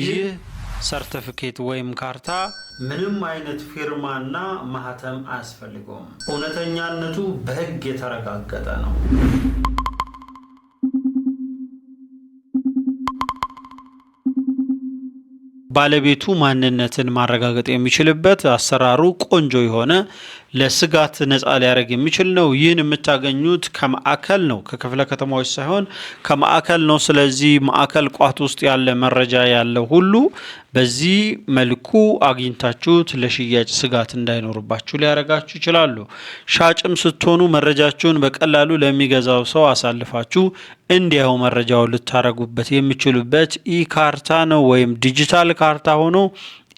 ይህ ሰርተፊኬት ወይም ካርታ ምንም አይነት ፊርማና ማህተም አያስፈልገውም። እውነተኛነቱ በህግ የተረጋገጠ ነው። ባለቤቱ ማንነትን ማረጋገጥ የሚችልበት አሰራሩ ቆንጆ የሆነ ለስጋት ነፃ ሊያደርግ የሚችል ነው። ይህን የምታገኙት ከማዕከል ነው፣ ከክፍለ ከተማዎች ሳይሆን ከማዕከል ነው። ስለዚህ ማዕከል ቋት ውስጥ ያለ መረጃ ያለው ሁሉ በዚህ መልኩ አግኝታችሁት ለሽያጭ ስጋት እንዳይኖርባችሁ ሊያደርጋችሁ ይችላሉ። ሻጭም ስትሆኑ መረጃችሁን በቀላሉ ለሚገዛው ሰው አሳልፋችሁ እንዲያው መረጃውን ልታረጉበት የሚችሉበት ኢ ካርታ ነው ወይም ዲጂታል ካርታ ሆኖ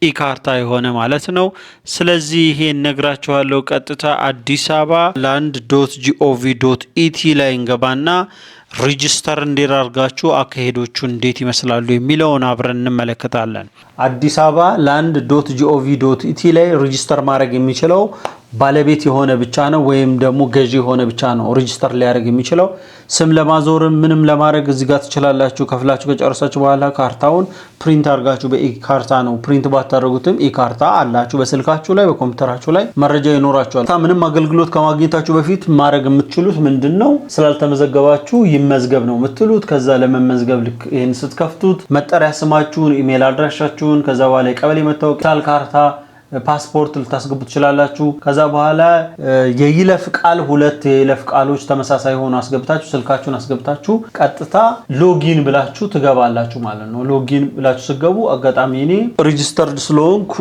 ኢካርታ የሆነ ማለት ነው። ስለዚህ ይሄን ነግራችኋለሁ። ቀጥታ አዲስ አበባ ላንድ ዶት ጂኦቪ ዶት ኢቲ ላይ እንገባና ሪጅስተር እንዴት አድርጋችሁ አካሄዶቹ እንዴት ይመስላሉ የሚለውን አብረን እንመለከታለን። አዲስ አበባ ላንድ ዶት ጂኦቪ ዶት ኢቲ ላይ ሪጅስተር ማድረግ የሚችለው ባለቤት የሆነ ብቻ ነው ወይም ደግሞ ገዢ የሆነ ብቻ ነው ሬጅስተር ሊያደርግ የሚችለው። ስም ለማዞር ምንም ለማድረግ እዚህ ጋር ትችላላችሁ። ከፍላችሁ ከጨረሳችሁ በኋላ ካርታውን ፕሪንት አድርጋችሁ በኢካርታ ነው ፕሪንት ባታደረጉትም ኢካርታ አላችሁ በስልካችሁ ላይ በኮምፒውተራችሁ ላይ መረጃ ይኖራችኋል። ምንም አገልግሎት ከማግኘታችሁ በፊት ማድረግ የምትችሉት ምንድን ነው? ስላልተመዘገባችሁ ይመዝገብ ነው የምትሉት። ከዛ ለመመዝገብ ልክ ይህን ስትከፍቱት መጠሪያ ስማችሁን፣ ኢሜይል አድራሻችሁን ከዛ በኋላ የቀበሌ መታወቂያ ካርታ ፓስፖርት ልታስገቡ ትችላላችሁ። ከዛ በኋላ የይለፍ ቃል ሁለት የይለፍ ቃሎች ተመሳሳይ ሆኑ አስገብታችሁ ስልካችሁን አስገብታችሁ ቀጥታ ሎጊን ብላችሁ ትገባላችሁ ማለት ነው። ሎጊን ብላችሁ ስገቡ አጋጣሚ እኔ ሬጅስተርድ ስለሆንኩ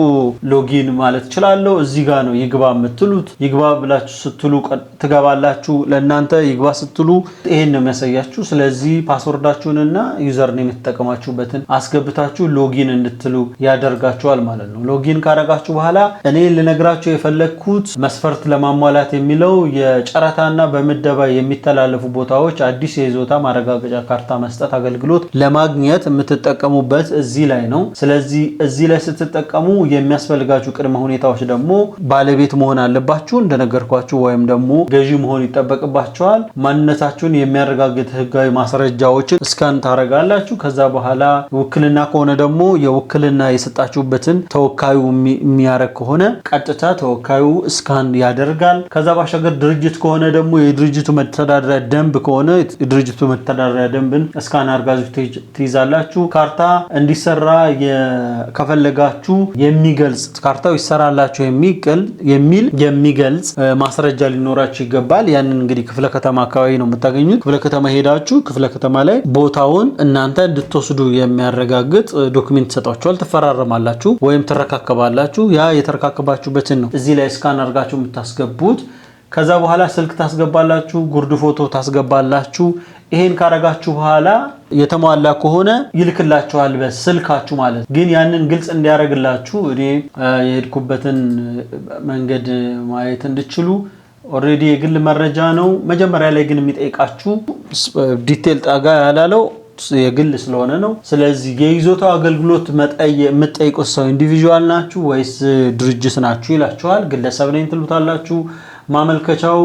ሎጊን ማለት እችላለሁ። እዚህ ጋር ነው ይግባ የምትሉት። ይግባ ብላችሁ ስትሉ ትገባላችሁ። ለእናንተ ይግባ ስትሉ ይሄን ነው የሚያሳያችሁ። ስለዚህ ፓስወርዳችሁንና ዩዘርን የምትጠቀማችሁበትን አስገብታችሁ ሎጊን እንድትሉ ያደርጋችኋል ማለት ነው። ሎጊን ካረጋችሁ በኋላ እኔ ልነግራቸው የፈለግኩት መስፈርት ለማሟላት የሚለው የጨረታና በምደባ የሚተላለፉ ቦታዎች አዲስ የይዞታ ማረጋገጫ ካርታ መስጠት አገልግሎት ለማግኘት የምትጠቀሙበት እዚህ ላይ ነው። ስለዚህ እዚህ ላይ ስትጠቀሙ የሚያስፈልጋችሁ ቅድመ ሁኔታዎች ደግሞ ባለቤት መሆን አለባችሁ እንደነገርኳችሁ፣ ወይም ደግሞ ገዢ መሆን ይጠበቅባቸዋል ማንነታችሁን የሚያረጋግጥ ህጋዊ ማስረጃዎችን እስካን ታረጋላችሁ። ከዛ በኋላ ውክልና ከሆነ ደግሞ የውክልና የሰጣችሁበትን ተወካዩ የሚያደርግ ከሆነ ቀጥታ ተወካዩ እስካን ያደርጋል። ከዛ ባሻገር ድርጅት ከሆነ ደግሞ የድርጅቱ መተዳደሪያ ደንብ ከሆነ የድርጅቱ መተዳደሪያ ደንብን እስካን አድርጋችሁ ትይዛላችሁ። ካርታ እንዲሰራ ከፈለጋችሁ የሚገልጽ ካርታው ይሰራላችሁ የሚል የሚገልጽ ማስረጃ ሊኖራችሁ ይገባል። ያንን እንግዲህ ክፍለ ከተማ አካባቢ ነው የምታገኙት። ክፍለ ከተማ ሄዳችሁ ክፍለ ከተማ ላይ ቦታውን እናንተ እንድትወስዱ የሚያረጋግጥ ዶክሜንት ይሰጣችኋል። ትፈራረማላችሁ ወይም ትረካከባላችሁ። ያ የተረካከባችሁበትን ነው እዚህ ላይ ስካን አድርጋችሁ የምታስገቡት። ከዛ በኋላ ስልክ ታስገባላችሁ፣ ጉርድ ፎቶ ታስገባላችሁ። ይሄን ካረጋችሁ በኋላ የተሟላ ከሆነ ይልክላችኋል በስልካችሁ ማለት ግን ያንን ግልጽ እንዲያደርግላችሁ እኔ የሄድኩበትን መንገድ ማየት እንድችሉ ኦልሬዲ የግል መረጃ ነው። መጀመሪያ ላይ ግን የሚጠይቃችሁ ዲቴል ጠጋ ያላለው የግል ስለሆነ ነው። ስለዚህ የይዞታው አገልግሎት የምትጠይቁት ሰው ኢንዲቪዥዋል ናችሁ ወይስ ድርጅት ናችሁ ይላችኋል። ግለሰብ ነኝ ትሉታላችሁ ማመልከቻው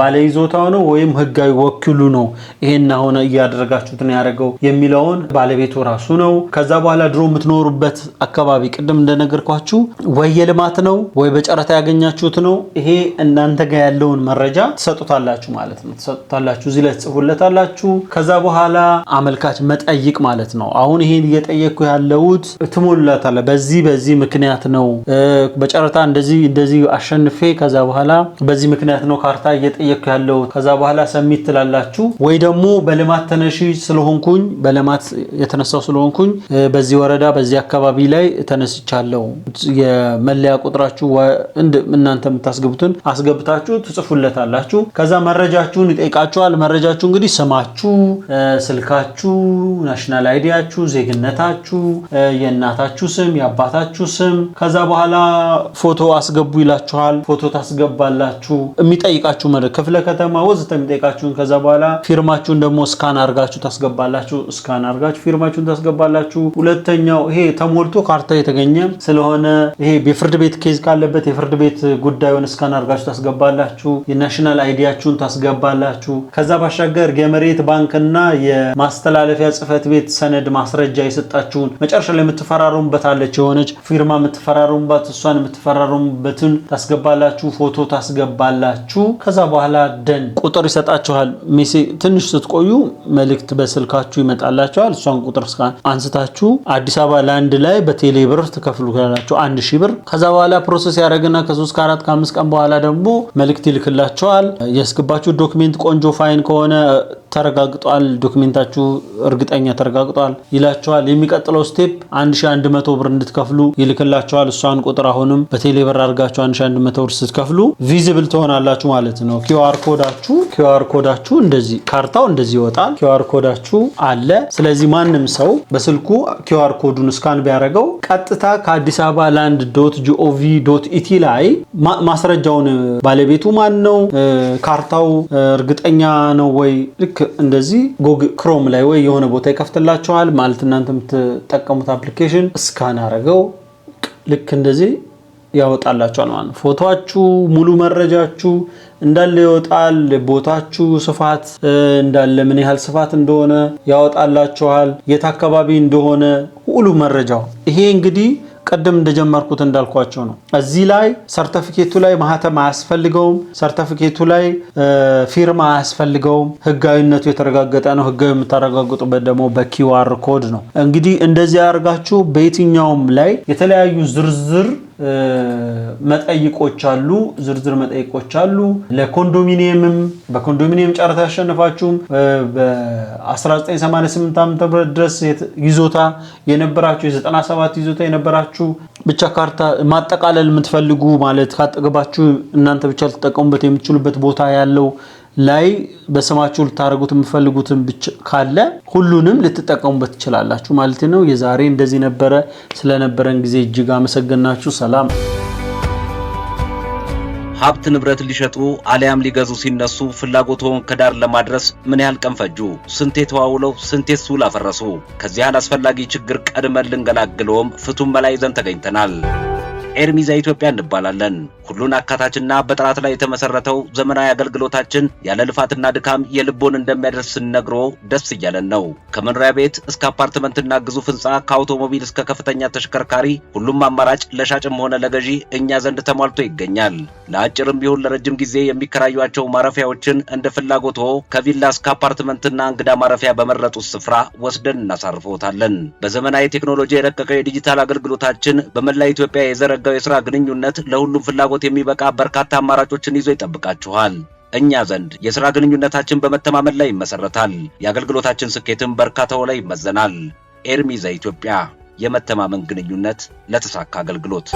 ባለይዞታው ነው ወይም ህጋዊ ወኪሉ ነው ይሄን አሁን እያደረጋችሁት ነው ያደረገው የሚለውን ባለቤቱ ራሱ ነው። ከዛ በኋላ ድሮ የምትኖሩበት አካባቢ ቅድም እንደነገርኳችሁ ወይ የልማት ነው ወይ በጨረታ ያገኛችሁት ነው። ይሄ እናንተ ጋር ያለውን መረጃ ትሰጡታላችሁ ማለት ነው። ትሰጡታላችሁ፣ እዚህ ላይ ትጽፉለታላችሁ። ከዛ በኋላ አመልካች መጠይቅ ማለት ነው። አሁን ይሄን እየጠየቅኩ ያለውት ትሞላታለ፣ በዚህ በዚህ ምክንያት ነው በጨረታ እንደዚህ እንደዚህ አሸንፌ ከዛ በኋላ በዚህ በዚህ ምክንያት ነው ካርታ እየጠየቅኩ ያለው ከዛ በኋላ ሰሚት ትላላችሁ ወይ ደግሞ በልማት ተነሺ ስለሆንኩኝ በልማት የተነሳው ስለሆንኩኝ በዚህ ወረዳ በዚህ አካባቢ ላይ ተነስቻለሁ የመለያ ቁጥራችሁ እናንተ የምታስገቡትን አስገብታችሁ ትጽፉለታላችሁ ከዛ መረጃችሁን ይጠይቃችኋል መረጃችሁ እንግዲህ ስማችሁ ስልካችሁ ናሽናል አይዲያችሁ ዜግነታችሁ የእናታችሁ ስም የአባታችሁ ስም ከዛ በኋላ ፎቶ አስገቡ ይላችኋል ፎቶ ታስገባላችሁ የሚጠይቃችሁ መድረክ ክፍለ ከተማ ወዘተ የሚጠይቃችሁን ከዛ በኋላ ፊርማችሁን ደግሞ ስካን አርጋችሁ ታስገባላችሁ። ስካን አርጋችሁ ፊርማችሁን ታስገባላችሁ። ሁለተኛው ይሄ ተሞልቶ ካርታ የተገኘ ስለሆነ ይሄ የፍርድ ቤት ኬዝ ካለበት የፍርድ ቤት ጉዳዩን ስካን አርጋችሁ ታስገባላችሁ። የናሽናል አይዲያችሁን ታስገባላችሁ። ከዛ ባሻገር የመሬት ባንክና የማስተላለፊያ ጽህፈት ቤት ሰነድ ማስረጃ የሰጣችሁን መጨረሻ ላይ የምትፈራረሙበት አለች የሆነች ፊርማ የምትፈራረሙባት እሷን የምትፈራረሙበትን ታስገባላችሁ። ፎቶ ታስገባ ትገባላችሁ። ከዛ በኋላ ደን ቁጥር ይሰጣችኋል። ትንሽ ስትቆዩ መልእክት በስልካችሁ ይመጣላችኋል። እሷን ቁጥር አንስታችሁ አዲስ አበባ ላንድ ላይ በቴሌ ብር ትከፍሉላችሁ አንድ ሺህ ብር። ከዛ በኋላ ፕሮሰስ ያደረግና ከሶስት ከአራት ከአምስት ቀን በኋላ ደግሞ መልእክት ይልክላችኋል። ያስገባችሁ ዶክሜንት ቆንጆ ፋይን ከሆነ ተረጋግጧል፣ ዶክሜንታችሁ እርግጠኛ ተረጋግጧል ይላቸዋል። የሚቀጥለው ስቴፕ 1100 ብር እንድትከፍሉ ይልክላቸዋል። እሷን ቁጥር አሁንም በቴሌ ብር አድርጋችሁ 1100 ብር ስትከፍሉ ቪዚብል ትሆናላችሁ ማለት ነው። ኪውአር ኮዳችሁ ኪውአር ኮዳችሁ እንደዚህ ካርታው እንደዚህ ይወጣል። ኪውአር ኮዳችሁ አለ። ስለዚህ ማንም ሰው በስልኩ ኪውአር ኮዱን ስካን ቢያደርገው ቀጥታ ከአዲስ አበባ ላንድ ዶት ጂኦቪ ዶት ኢቲ ላይ ማስረጃውን ባለቤቱ ማን ነው፣ ካርታው እርግጠኛ ነው ወይ ልክ ልክ እንደዚህ ጉግል ክሮም ላይ ወይ የሆነ ቦታ ይከፍትላቸዋል ማለት እናንተ የምትጠቀሙት አፕሊኬሽን እስካን አረገው ልክ እንደዚህ ያወጣላችኋል ማለት ነው። ፎቶችሁ፣ ሙሉ መረጃችሁ እንዳለ ይወጣል። ቦታችሁ ስፋት እንዳለ ምን ያህል ስፋት እንደሆነ ያወጣላችኋል። የት አካባቢ እንደሆነ ሁሉ መረጃው ይሄ እንግዲህ ቅድም እንደጀመርኩት እንዳልኳቸው ነው። እዚህ ላይ ሰርተፊኬቱ ላይ ማህተም አያስፈልገውም። ሰርተፊኬቱ ላይ ፊርማ አያስፈልገውም። ህጋዊነቱ የተረጋገጠ ነው። ህጋዊ የምታረጋግጡበት ደግሞ በኪዋር ኮድ ነው። እንግዲህ እንደዚህ አድርጋችሁ በየትኛውም ላይ የተለያዩ ዝርዝር መጠይቆች አሉ፣ ዝርዝር መጠይቆች አሉ። ለኮንዶሚኒየምም በኮንዶሚኒየም ጨረታ ያሸነፋችሁም በ1988 ዓ.ም ድረስ ይዞታ የነበራችሁ የ97 ይዞታ የነበራችሁ ብቻ ካርታ ማጠቃለል የምትፈልጉ ማለት ካጠገባችሁ እናንተ ብቻ ልትጠቀሙበት የምትችሉበት ቦታ ያለው ላይ በስማችሁ ልታደርጉት የምፈልጉትን ካለ ሁሉንም ልትጠቀሙበት ትችላላችሁ ማለት ነው። የዛሬ እንደዚህ ነበረ። ስለነበረን ጊዜ እጅግ አመሰግናችሁ። ሰላም። ሀብት ንብረት ሊሸጡ አሊያም ሊገዙ ሲነሱ ፍላጎትን ከዳር ለማድረስ ምን ያህል ቀን ፈጁ? ስንቴ ተዋውለው ስንቴ ሱል አፈረሱ? ከዚህ አላስፈላጊ ችግር ቀድመን ልንገላግለውም ፍቱን መላ ይዘን ተገኝተናል። ኤርሚዛ ኢትዮጵያ እንባላለን። ሁሉን አካታችና በጥራት ላይ የተመሰረተው ዘመናዊ አገልግሎታችን ያለ ልፋትና ድካም የልቦን እንደሚያደርስ ስንነግሮ ደስ እያለን ነው። ከመኖሪያ ቤት እስከ አፓርትመንትና ግዙፍ ህንፃ፣ ከአውቶሞቢል እስከ ከፍተኛ ተሽከርካሪ ሁሉም አማራጭ ለሻጭም ሆነ ለገዢ እኛ ዘንድ ተሟልቶ ይገኛል። ለአጭርም ቢሆን ለረጅም ጊዜ የሚከራዩቸው ማረፊያዎችን እንደ ፍላጎቶ ከቪላ እስከ አፓርትመንትና እንግዳ ማረፊያ በመረጡት ስፍራ ወስደን እናሳርፈዎታለን። በዘመናዊ ቴክኖሎጂ የረቀቀ የዲጂታል አገልግሎታችን በመላ ኢትዮጵያ የዘረጋ የሚደረገው የሥራ ግንኙነት ለሁሉም ፍላጎት የሚበቃ በርካታ አማራጮችን ይዞ ይጠብቃችኋል። እኛ ዘንድ የሥራ ግንኙነታችን በመተማመን ላይ ይመሰረታል። የአገልግሎታችን ስኬትም በእርካታው ላይ ይመዘናል። ኤርሚ ዘኢትዮጵያ የመተማመን ግንኙነት ለተሳካ አገልግሎት